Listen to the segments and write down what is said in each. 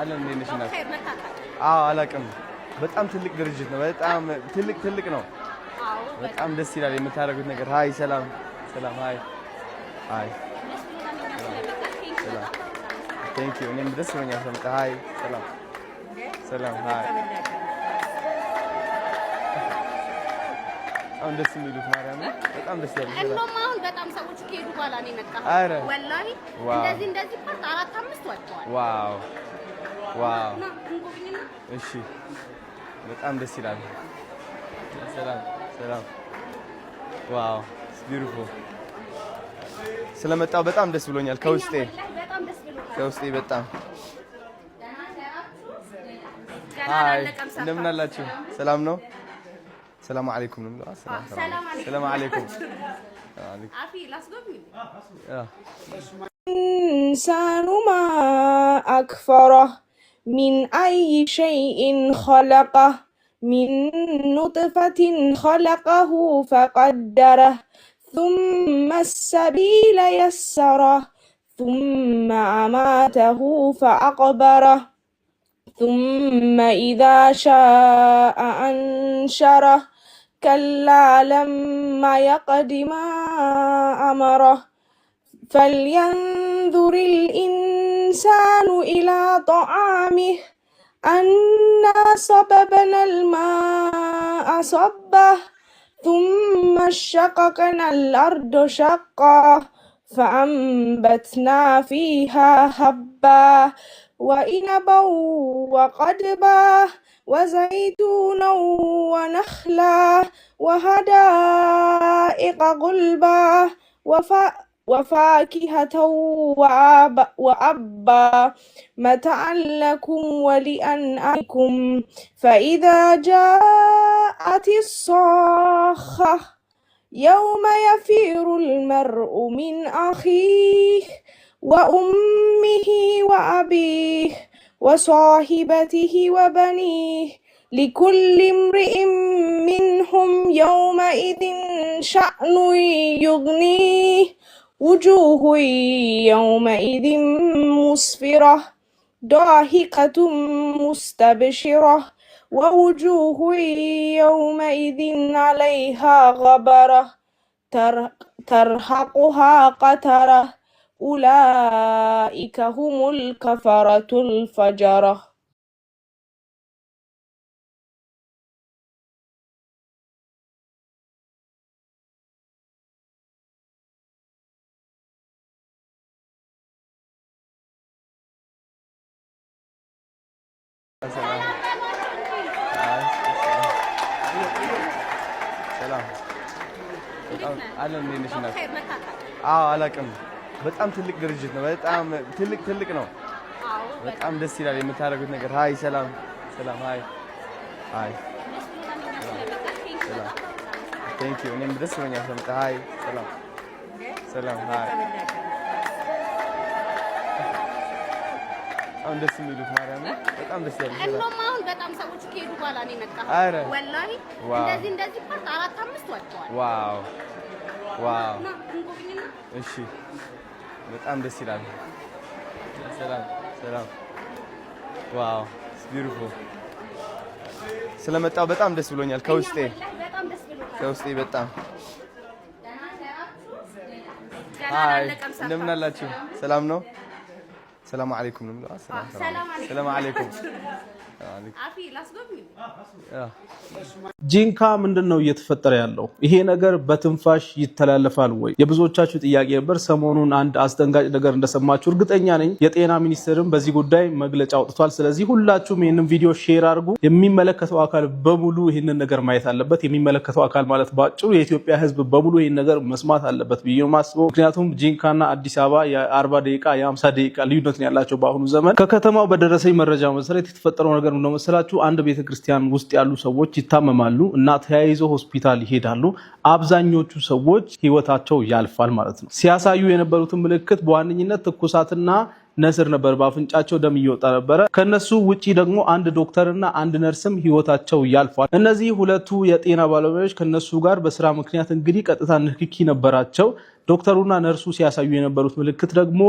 አለን ነሽ ና አዎ አላውቅም። በጣም ትልቅ ድርጅት ነው። በጣም ትልቅ ትልቅ ነው። በጣም ደስ ይላል የምታደርጉት ነገር። ሀይ ሰላም ሰላም። ሀይ ሀይ ሰላም። ቴንክ ዩ። እኔም ደስ ብሎኛል ሰምጣ። ሀይ ሰላም ሰላም። ሀይ በጣም ደስ የሚሉት ማርያም በጣም ደስ ያለ እንደውም አሁን በጣም ሰዎች ከሄዱ በኋላ ነው የመጣሁት። ወላሂ እንደዚህ እንደዚህ አራት አምስት ወጥተዋል። ዋው ዋው! እሺ፣ በጣም ደስ ይላል። ሰላም ሰላም። ዋው ቢዩቲፉል። ስለመጣው በጣም ደስ ብሎኛል። ከውስጤ ከውስጤ በጣም አይ፣ እንደምን አላችሁ? ሰላም ነው። ሰላም አለይኩም ነው። ሰላም አለይኩም ኢንሳኑማ አክፈራ من أي شيء خلقه من نطفة خلقه فقدره ثم السبيل يسره ثم أماته فأقبره ثم إذا شاء أنشره كلا لما يقدم أمره فلينظر الإنسان الإنسان إلى طعامه أنا صببنا الماء صبه ثم شققنا الأرض شقا فأنبتنا فيها هبا وإنبا وقدبا وزيتونا ونخلا وهدائق غلبا وفأ وفاكهة وأبا, وأبا متاعا لكم ولأنعامكم فإذا جاءت الصاخة يوم يفير المرء من أخيه وأمه وأبيه وصاحبته وبنيه لكل امرئ منهم يومئذ شأن يغنيه وجوه يومئذ مسفرة ضاحكة مستبشرة ووجوه يومئذ عليها غبرة ترهقها قترة أولئك هم الكفرة الفجرة ሰላም አለን። እንዴት ነሽ እናት? አዎ አላውቅም። በጣም ትልቅ ድርጅት ነው። በጣም ትልቅ ትልቅ ነው። በጣም ደስ ይላል የምታደርጉት ነገር። ሀይ ሰላም ሰላም። ሀይ ሀይ ሰላም። ቴንክ ዩ። እኔም ደስ ይለኛል ስለመጣ። ሀይ ሰላም ሰላም። ሀይ በጣም ደስ የሚሉት ማርያም በጣም ደስ ያለ እንደውም አሁን በጣም ሰዎች ከሄዱ በኋላ ነው የመጣሁት። አረ ወላሂ እንደዚህ እንደዚህ ፓርት አራት አምስት ወጥተዋል። ዋው ዋው! እሺ በጣም ደስ ይላል። ሰላም ሰላም። ዋው ቢዩቲፉል። ስለመጣው በጣም ደስ ብሎኛል ከውስጤ ከውስጤ በጣም አይ እንደምን አላችሁ? ሰላም ነው السلام عليكم السلام آه، آه، عليكم السلام عليكم آه، عافية لاصقوا مني اه ጂንካ ምንድን ነው እየተፈጠረ ያለው? ይሄ ነገር በትንፋሽ ይተላለፋል ወይ? የብዙዎቻችሁ ጥያቄ ነበር። ሰሞኑን አንድ አስደንጋጭ ነገር እንደሰማችሁ እርግጠኛ ነኝ። የጤና ሚኒስቴርም በዚህ ጉዳይ መግለጫ አውጥቷል። ስለዚህ ሁላችሁም ይህንን ቪዲዮ ሼር አድርጉ። የሚመለከተው አካል በሙሉ ይህንን ነገር ማየት አለበት። የሚመለከተው አካል ማለት በአጭሩ የኢትዮጵያ ሕዝብ በሙሉ ይህን ነገር መስማት አለበት ብዬ ማስበው። ምክንያቱም ጂንካና አዲስ አበባ የአርባ ደቂቃ የአምሳ ደቂቃ ልዩነት ነው ያላቸው። በአሁኑ ዘመን ከከተማው በደረሰኝ መረጃ መሰረት የተፈጠረው ነገር ነው መሰላችሁ አንድ ቤተክርስቲያን ውስጥ ያሉ ሰዎች ይታመማሉ ይሞታሉ እና ተያይዘው ሆስፒታል ይሄዳሉ። አብዛኞቹ ሰዎች ህይወታቸው ያልፋል ማለት ነው። ሲያሳዩ የነበሩትን ምልክት በዋነኝነት ትኩሳትና ነስር ነበር። በአፍንጫቸው ደም እየወጣ ነበረ። ከነሱ ውጪ ደግሞ አንድ ዶክተር እና አንድ ነርስም ህይወታቸው ያልፏል። እነዚህ ሁለቱ የጤና ባለሙያዎች ከነሱ ጋር በስራ ምክንያት እንግዲህ ቀጥታ ንክኪ ነበራቸው። ዶክተሩና ነርሱ ሲያሳዩ የነበሩት ምልክት ደግሞ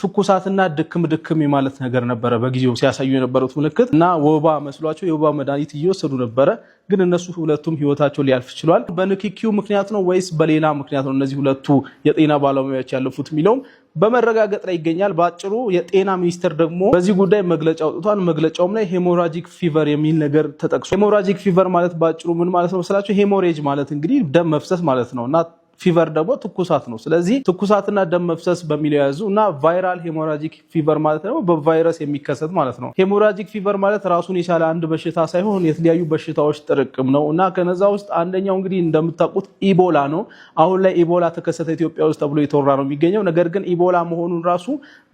ትኩሳትና ድክም ድክም የማለት ነገር ነበረ። በጊዜው ሲያሳዩ የነበሩት ምልክት እና ወባ መስሏቸው የወባ መድኃኒት እየወሰዱ ነበረ። ግን እነሱ ሁለቱም ህይወታቸው ሊያልፍ ችሏል። በንክኪው ምክንያት ነው ወይስ በሌላ ምክንያት ነው እነዚህ ሁለቱ የጤና ባለሙያዎች ያለፉት የሚለውም በመረጋገጥ ላይ ይገኛል። በአጭሩ የጤና ሚኒስቴር ደግሞ በዚህ ጉዳይ መግለጫ አውጥቷል። መግለጫውም ላይ ሄሞራጂክ ፊቨር የሚል ነገር ተጠቅሷል። ሄሞራጂክ ፊቨር ማለት በአጭሩ ምን ማለት ነው መስላችሁ? ሄሞሬጅ ማለት እንግዲህ ደም መፍሰስ ማለት ነው እና ፊቨር ደግሞ ትኩሳት ነው። ስለዚህ ትኩሳትና ደም መፍሰስ በሚለው የያዙ እና ቫይራል ሄሞራጂክ ፊቨር ማለት ደግሞ በቫይረስ የሚከሰት ማለት ነው። ሄሞራጂክ ፊቨር ማለት ራሱን የቻለ አንድ በሽታ ሳይሆን የተለያዩ በሽታዎች ጥርቅም ነው እና ከነዛ ውስጥ አንደኛው እንግዲህ እንደምታውቁት ኢቦላ ነው። አሁን ላይ ኢቦላ ተከሰተ ኢትዮጵያ ውስጥ ተብሎ የተወራ ነው የሚገኘው። ነገር ግን ኢቦላ መሆኑን ራሱ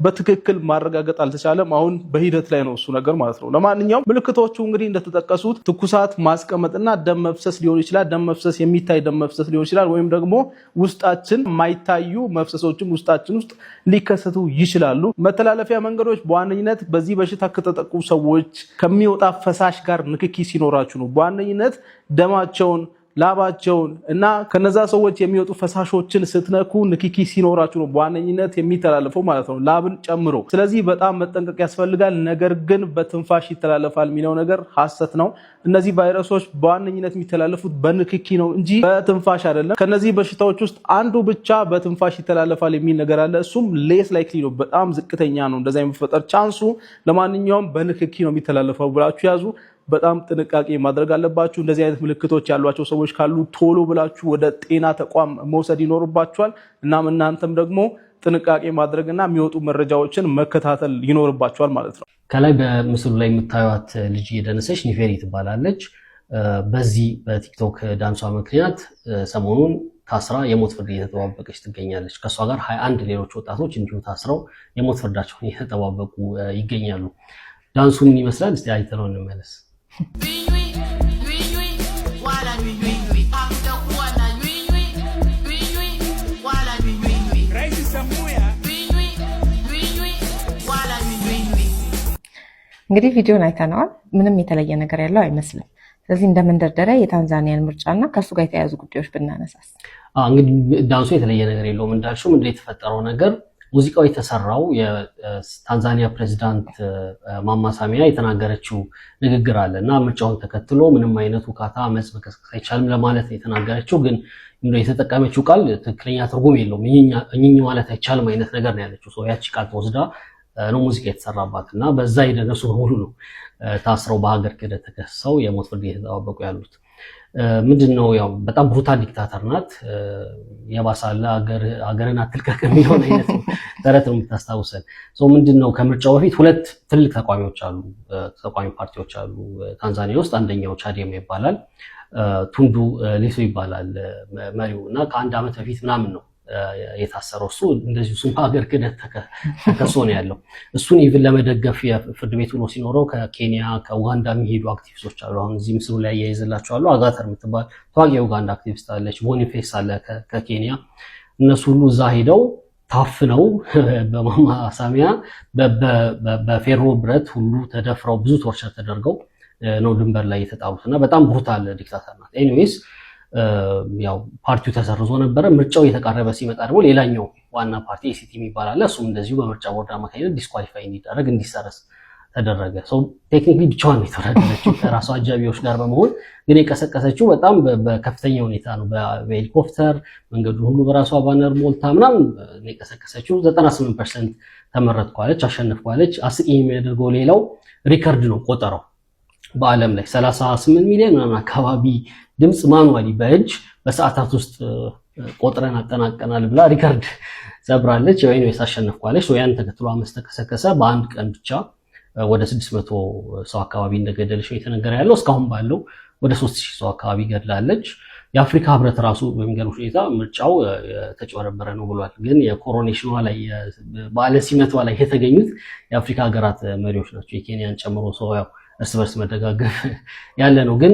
በትክክል ማረጋገጥ አልተቻለም። አሁን በሂደት ላይ ነው እሱ ነገር ማለት ነው። ለማንኛውም ምልክቶቹ እንግዲህ እንደተጠቀሱት ትኩሳት፣ ማስቀመጥና ደም መፍሰስ ሊሆን ይችላል። ደም መፍሰስ የሚታይ ደም መፍሰስ ሊሆን ይችላል ወይም ደግሞ ውስጣችን የማይታዩ መፍሰሶችም ውስጣችን ውስጥ ሊከሰቱ ይችላሉ። መተላለፊያ መንገዶች በዋነኝነት በዚህ በሽታ ከተጠቁ ሰዎች ከሚወጣ ፈሳሽ ጋር ንክኪ ሲኖራችሁ ነው። በዋነኝነት ደማቸውን ላባቸውን እና ከነዛ ሰዎች የሚወጡ ፈሳሾችን ስትነኩ ንኪኪ ሲኖራችሁ ነው በዋነኝነት የሚተላለፈው ማለት ነው፣ ላብን ጨምሮ። ስለዚህ በጣም መጠንቀቅ ያስፈልጋል። ነገር ግን በትንፋሽ ይተላለፋል የሚለው ነገር ሐሰት ነው። እነዚህ ቫይረሶች በዋነኝነት የሚተላለፉት በንክኪ ነው እንጂ በትንፋሽ አይደለም። ከነዚህ በሽታዎች ውስጥ አንዱ ብቻ በትንፋሽ ይተላለፋል የሚል ነገር አለ። እሱም ሌስ ላይክሊ ነው፣ በጣም ዝቅተኛ ነው እንደዚ የሚፈጠር ቻንሱ። ለማንኛውም በንክኪ ነው የሚተላለፈው ብላችሁ ያዙ። በጣም ጥንቃቄ ማድረግ አለባችሁ። እንደዚህ አይነት ምልክቶች ያሏቸው ሰዎች ካሉ ቶሎ ብላችሁ ወደ ጤና ተቋም መውሰድ ይኖርባችኋል። እናም እናንተም ደግሞ ጥንቃቄ ማድረግና የሚወጡ መረጃዎችን መከታተል ይኖርባችኋል ማለት ነው። ከላይ በምስሉ ላይ የምታዩት ልጅ የደነሰች ኒፌሪ ትባላለች። በዚህ በቲክቶክ ዳንሷ ምክንያት ሰሞኑን ታስራ የሞት ፍርድ እየተጠባበቀች ትገኛለች። ከእሷ ጋር ሀያ አንድ ሌሎች ወጣቶች እንዲሁ ታስረው የሞት ፍርዳቸውን እየተጠባበቁ ይገኛሉ። ዳንሱ ምን ይመስላል? እስቲ አይተነው እንመለስ። እንግዲህ ቪዲዮን አይተነዋል። ምንም የተለየ ነገር ያለው አይመስልም። ስለዚህ እንደ መንደርደሪያ የታንዛኒያን ምርጫና ከእሱ ጋር የተያያዙ ጉዳዮች ብናነሳስ እንግዲህ ዳንሱ የተለየ ነገር የለውም እንዳልሽውም እንደ የተፈጠረው ነገር ሙዚቃው የተሰራው የታንዛኒያ ፕሬዚዳንት ማማ ሳሚያ የተናገረችው ንግግር አለ እና ምርጫውን ተከትሎ ምንም አይነት ውካታ መስ መቀስቀስ አይቻልም ለማለት ነው የተናገረችው። ግን የተጠቀመችው ቃል ትክክለኛ ትርጉም የለውም። እኝኝ ማለት አይቻልም አይነት ነገር ነው ያለችው። ሰው ያቺ ቃል ተወስዳ ነው ሙዚቃ የተሰራባት እና በዛ የደረሱ በሙሉ ነው ታስረው በሀገር ክህደት ተከሰው የሞት ፍርድ እየተጠባበቁ ያሉት። ምንድን ነው ያው በጣም ብሩታል ዲክታተር ናት። የባሳለ ሀገርን አትልቀቅ የሚሆን አይነት ተረት ነው የምታስታውሰን። ምንድን ነው ከምርጫው በፊት ሁለት ትልቅ ተቋሚዎች አሉ፣ ተቋሚ ፓርቲዎች አሉ ታንዛኒያ ውስጥ። አንደኛው ቻዴማ ይባላል፣ ቱንዱ ሌሶ ይባላል መሪው እና ከአንድ ዓመት በፊት ምናምን ነው የታሰረው እሱ እንደዚህ እሱ ሀገር ክህደት ተከሶ ነው ያለው። እሱን ኢቭን ለመደገፍ የፍርድ ቤት ውሎ ሲኖረው ከኬንያ ከኡጋንዳ የሚሄዱ አክቲቪስቶች አሉ። አሁን እዚህ ምስሉ ላይ እያይዘላቸዋለሁ። አጋተር የምትባል ታዋቂ የኡጋንዳ አክቲቪስት አለች። ቦኒፌስ አለ ከኬንያ። እነሱ ሁሉ እዛ ሄደው ታፍነው በማማሳሚያ በፌሮ ብረት ሁሉ ተደፍረው ብዙ ቶርቸር ተደርገው ነው ድንበር ላይ የተጣሉት እና በጣም ብሩታል ዲክታተር ናት። ኤኒዌይስ ያው ፓርቲው ተሰርዞ ነበረ። ምርጫው እየተቃረበ ሲመጣ ደግሞ ሌላኛው ዋና ፓርቲ ኤሲቲ የሚባል አለ። እሱም እንደዚሁ በምርጫ ቦርድ አማካኝነት ዲስኳሊፋይ እንዲደረግ እንዲሰረስ ተደረገ። ሰው ቴክኒክሊ ብቻዋን ነው የተወዳደረችው ከራሱ አጃቢዎች ጋር በመሆን ግን የቀሰቀሰችው በጣም በከፍተኛ ሁኔታ ነው። በሄሊኮፕተር መንገዱ ሁሉ በራሷ ባነር ሞልታ ምናምን የቀሰቀሰችው። 98 ፐርሰንት ተመረጥኳለች፣ አሸነፍኳለች። አስቂኝ የሚያደርገው ሌላው ሪከርድ ነው ቆጠረው በዓለም ላይ 38 ሚሊዮን ምናምን አካባቢ ድምፅ ማኑዋሊ በእጅ በሰዓታት ውስጥ ቆጥረን አጠናቀናል ብላ ሪከርድ ሰብራለች። ወይስ አሸነፍኳለች። ያን ተከትሎ አመስ ተከሰከሰ። በአንድ ቀን ብቻ ወደ 600 ሰው አካባቢ እንደገደለች ነው የተነገረ ያለው። እስካሁን ባለው ወደ 3000 ሰው አካባቢ ገድላለች። የአፍሪካ ህብረት ራሱ በሚገርም ሁኔታ ምርጫው የተጨበረበረ ነው ብሏል። ግን የኮሮኔሽኗ ላይ በዓለ ሲመቷ ላይ የተገኙት የአፍሪካ ሀገራት መሪዎች ናቸው የኬንያን ጨምሮ ሰው ያው እርስ በርስ መደጋገፍ ያለ ነው። ግን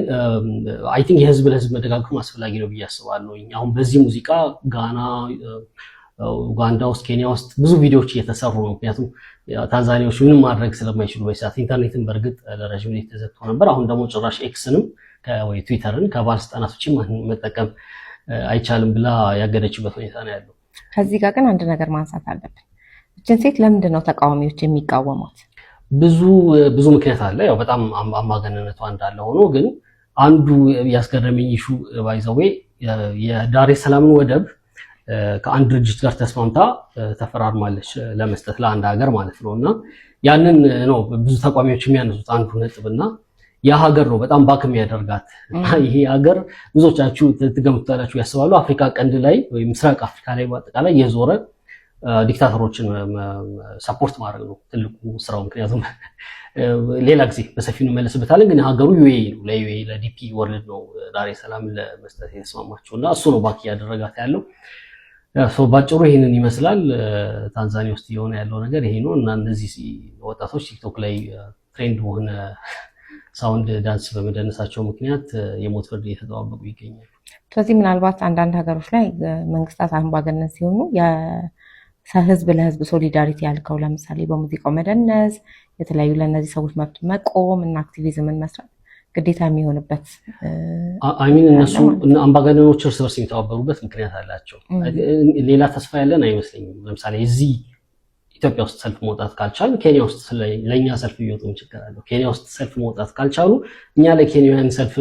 አይ ቲንክ የህዝብ ለህዝብ መደጋገፍ አስፈላጊ ነው ብዬ አስባለሁ። አሁን በዚህ ሙዚቃ ጋና፣ ኡጋንዳ ውስጥ፣ ኬንያ ውስጥ ብዙ ቪዲዮዎች እየተሰሩ ነው። ምክንያቱም ታንዛኒያዎች ምንም ማድረግ ስለማይችሉ በሰዓት ኢንተርኔትን በእርግጥ ለረዥም ጊዜ ተዘግቶ ነበር። አሁን ደግሞ ጭራሽ ኤክስንም ወይ ትዊተርን ከባለስልጣናት ውጭ መጠቀም አይቻልም ብላ ያገደችበት ሁኔታ ነው ያለው። ከዚህ ጋር ግን አንድ ነገር ማንሳት አለብን። እችን ሴት ለምንድን ነው ተቃዋሚዎች የሚቃወሙት? ብዙ ብዙ ምክንያት አለ። ያው በጣም አምባገነንነቷ እንዳለ ሆኖ ግን አንዱ ያስገረመኝ ኢሹ ባይዘዌ የዳሬ ሰላምን ወደብ ከአንድ ድርጅት ጋር ተስማምታ ተፈራርማለች ለመስጠት ለአንድ ሀገር ማለት ነው። እና ያንን ነው ብዙ ተቋሚዎች የሚያነሱት አንዱ ነጥብና ያ ሀገር ነው በጣም ባክ የሚያደርጋት። ይሄ ሀገር ብዙዎቻችሁ ትገምቱታላችሁ ያስባሉ። አፍሪካ ቀንድ ላይ ወይም ምስራቅ አፍሪካ ላይ በአጠቃላይ የዞረ ዲክታተሮችን ሰፖርት ማድረግ ነው ትልቁ ስራው። ምክንያቱም ሌላ ጊዜ በሰፊ እንመለስበታለን፣ ግን ሀገሩ ዩኤ ነው። ለዩኤ ለዲፒ ወርልድ ነው ዳሬ ሰላም ለመስጠት የተስማማቸው እና እሱ ነው ባክ እያደረጋት ያለው። ባጭሩ ይህንን ይመስላል። ታንዛኒያ ውስጥ እየሆነ ያለው ነገር ይሄ ነው እና እነዚህ ወጣቶች ቲክቶክ ላይ ትሬንድ በሆነ ሳውንድ ዳንስ በመደነሳቸው ምክንያት የሞት ፍርድ እየተጠባበቁ ይገኛል። ስለዚህ ምናልባት አንዳንድ ሀገሮች ላይ መንግስታት አምባገነን ሲሆኑ ህዝብ ለህዝብ ሶሊዳሪቲ ያልከው ለምሳሌ በሙዚቃው መደነስ የተለያዩ ለእነዚህ ሰዎች መብት መቆም እና አክቲቪዝምን መስራት ግዴታ የሚሆንበት አሚን እነሱ አምባገነኖች እርስ በርስ የሚተባበሩበት ምክንያት አላቸው። ሌላ ተስፋ ያለን አይመስለኝም። ለምሳሌ እዚህ ኢትዮጵያ ውስጥ ሰልፍ መውጣት ካልቻሉ ኬንያ ውስጥ ለእኛ ሰልፍ እየወጡ ችግር አለው። ኬንያ ውስጥ ሰልፍ መውጣት ካልቻሉ እኛ ለኬንያውያን ሰልፍ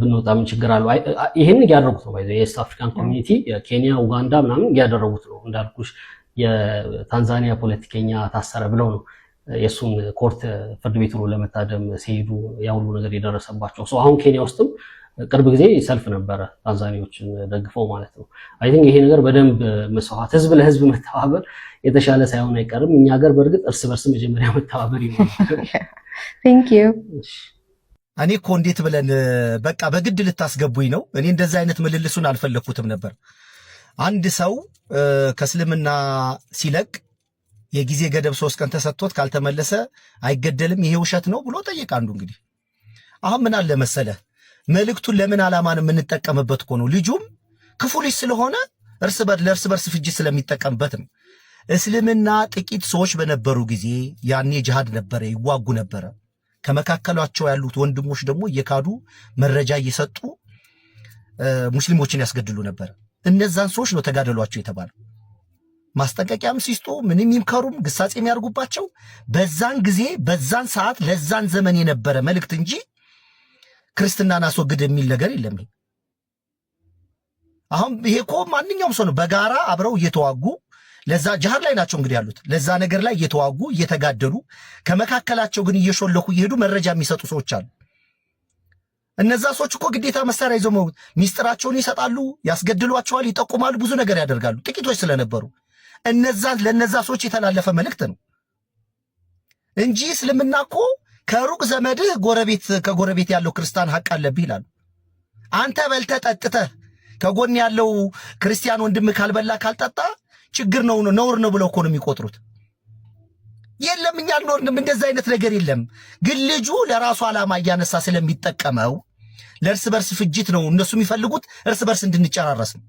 ብንወጣ ምን ችግር አለው? ይህን እያደረጉት ነው። የኤስት አፍሪካን ኮሚኒቲ ኬንያ፣ ኡጋንዳ ምናምን እያደረጉት ነው። እንዳልኩሽ የታንዛኒያ ፖለቲከኛ ታሰረ ብለው ነው የእሱን ኮርት ፍርድ ቤት ውሎ ለመታደም ሲሄዱ ያሁሉ ነገር የደረሰባቸው ሰው። አሁን ኬንያ ውስጥም ቅርብ ጊዜ ሰልፍ ነበረ ታንዛኒዎችን ደግፈው ማለት ነው። አይ ቲንክ ይሄ ነገር በደንብ መስዋዕት፣ ህዝብ ለህዝብ መተባበር የተሻለ ሳይሆን አይቀርም። እኛ ሀገር በእርግጥ እርስ በርስ መጀመሪያ መተባበር ይሆናል። ቴንክ ዩ እኔ እኮ እንዴት ብለን በቃ በግድ ልታስገቡኝ ነው። እኔ እንደዚህ አይነት ምልልሱን አልፈለግኩትም ነበር። አንድ ሰው ከእስልምና ሲለቅ የጊዜ ገደብ ሶስት ቀን ተሰጥቶት ካልተመለሰ አይገደልም። ይሄ ውሸት ነው ብሎ ጠይቅ። አንዱ እንግዲህ አሁን ምን አለ መሰለ፣ መልእክቱን ለምን ዓላማን የምንጠቀምበት እኮ ነው። ልጁም ክፉ ልጅ ስለሆነ እርስ በር ለእርስ በርስ ፍጅ ስለሚጠቀምበት ነው። እስልምና ጥቂት ሰዎች በነበሩ ጊዜ ያኔ ጅሃድ ነበረ፣ ይዋጉ ነበረ። ከመካከላቸው ያሉት ወንድሞች ደግሞ እየካዱ መረጃ እየሰጡ ሙስሊሞችን ያስገድሉ ነበር። እነዛን ሰዎች ነው ተጋደሏቸው የተባለው። ማስጠንቀቂያም ሲስጡ ምንም ይምከሩም ግሳጼ የሚያርጉባቸው በዛን ጊዜ በዛን ሰዓት ለዛን ዘመን የነበረ መልእክት እንጂ ክርስትናን አስወግድ የሚል ነገር የለም። አሁን ይሄ እኮ ማንኛውም ሰው ነው በጋራ አብረው እየተዋጉ ለዛ ጃሃድ ላይ ናቸው እንግዲህ ያሉት። ለዛ ነገር ላይ እየተዋጉ እየተጋደሉ ከመካከላቸው ግን እየሾለኩ እየሄዱ መረጃ የሚሰጡ ሰዎች አሉ። እነዛ ሰዎች እኮ ግዴታ መሳሪያ ይዘው መውት ሚስጥራቸውን ይሰጣሉ፣ ያስገድሏቸዋል፣ ይጠቁማሉ፣ ብዙ ነገር ያደርጋሉ። ጥቂቶች ስለነበሩ እነዛ ለነዛ ሰዎች የተላለፈ መልእክት ነው እንጂ እስልምና እኮ ከሩቅ ዘመድህ ጎረቤት ከጎረቤት ያለው ክርስቲያን ሀቅ አለብህ ይላሉ። አንተ በልተህ ጠጥተህ ከጎን ያለው ክርስቲያን ወንድም ካልበላ ካልጠጣ ችግር ነው ነውር ነው ብለው እኮ ነው የሚቆጥሩት። የለም እኛ አልኖርንም፣ እንደዛ አይነት ነገር የለም። ግን ልጁ ለራሱ ዓላማ እያነሳ ስለሚጠቀመው ለእርስ በርስ ፍጅት ነው እነሱ የሚፈልጉት፣ እርስ በርስ እንድንጨራረስ ነው።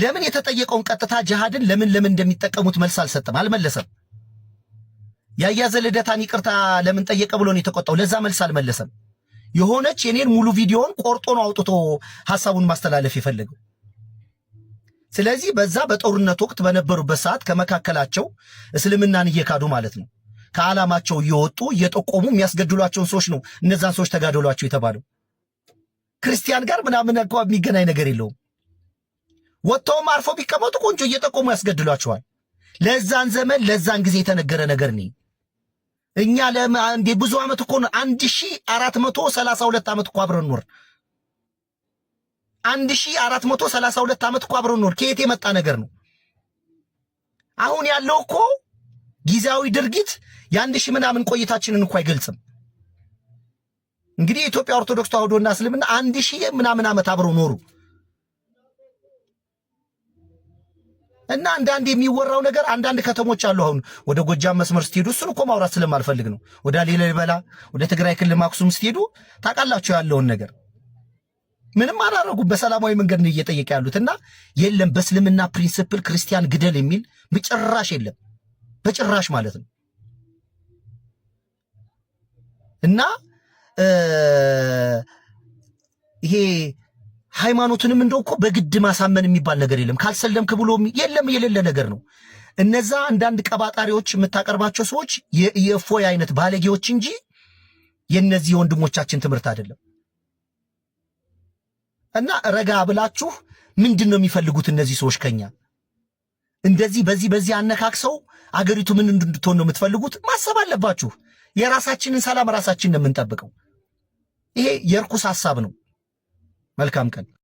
ለምን የተጠየቀውን ቀጥታ ጅሃድን ለምን ለምን እንደሚጠቀሙት መልስ አልሰጠም፣ አልመለሰም። ያያዘ ልደታን ይቅርታ ለምን ጠየቀ ብሎ ነው የተቆጣው። ለዛ መልስ አልመለሰም። የሆነች የኔን ሙሉ ቪዲዮን ቆርጦ ነው አውጥቶ ሀሳቡን ማስተላለፍ የፈለገው። ስለዚህ በዛ በጦርነት ወቅት በነበሩበት ሰዓት ከመካከላቸው እስልምናን እየካዱ ማለት ነው ከዓላማቸው እየወጡ እየጠቆሙ የሚያስገድሏቸውን ሰዎች ነው እነዛን ሰዎች ተጋደሏቸው የተባለው። ክርስቲያን ጋር ምናምን አ የሚገናኝ ነገር የለውም። ወጥተውም አርፎ ቢቀመጡ ቆንጆ እየጠቆሙ ያስገድሏቸዋል። ለዛን ዘመን ለዛን ጊዜ የተነገረ ነገር ነ እኛ ለብዙ ብዙ ዓመት እኮ አንድ ሺህ አራት መቶ ሰላሳ ሁለት ዓመት እኮ አብረን አንድ ሺህ አራት መቶ ሰላሳ ሁለት ዓመት እኮ አብረን ኖር ከየት የመጣ ነገር ነው? አሁን ያለው እኮ ጊዜያዊ ድርጊት የአንድ ሺህ ምናምን ቆይታችንን እኮ አይገልጽም። እንግዲህ የኢትዮጵያ ኦርቶዶክስ ተዋህዶና እስልምና አንድ ሺህ ምናምን ዓመት አብረው ኖሩ እና አንዳንድ የሚወራው ነገር አንዳንድ ከተሞች አሉ። አሁን ወደ ጎጃም መስመር ስትሄዱ እሱን እኮ ማውራት ስለማልፈልግ ነው። ወደ ላሊበላ፣ ወደ ትግራይ ክልል ማክሱም ስትሄዱ ታውቃላችሁ ያለውን ነገር ምንም አላረጉ። በሰላማዊ መንገድ ነው እየጠየቀ ያሉት እና የለም በእስልምና ፕሪንስፕል ክርስቲያን ግደል የሚል በጭራሽ የለም፣ በጭራሽ ማለት ነው እና ይሄ ሃይማኖትንም እንደው እኮ በግድ ማሳመን የሚባል ነገር የለም። ካልሰለምክ ብሎ የለም የሌለ ነገር ነው። እነዛ አንዳንድ ቀባጣሪዎች የምታቀርባቸው ሰዎች የእፎይ አይነት ባለጌዎች እንጂ የእነዚህ የወንድሞቻችን ትምህርት አይደለም። እና ረጋ ብላችሁ ምንድን ነው የሚፈልጉት እነዚህ ሰዎች ከኛ እንደዚህ በዚህ በዚህ አነካክሰው አገሪቱ ምን እንድትሆን ነው የምትፈልጉት? ማሰብ አለባችሁ። የራሳችንን ሰላም ራሳችን ነው የምንጠብቀው። ይሄ የርኩስ ሀሳብ ነው። መልካም ቀን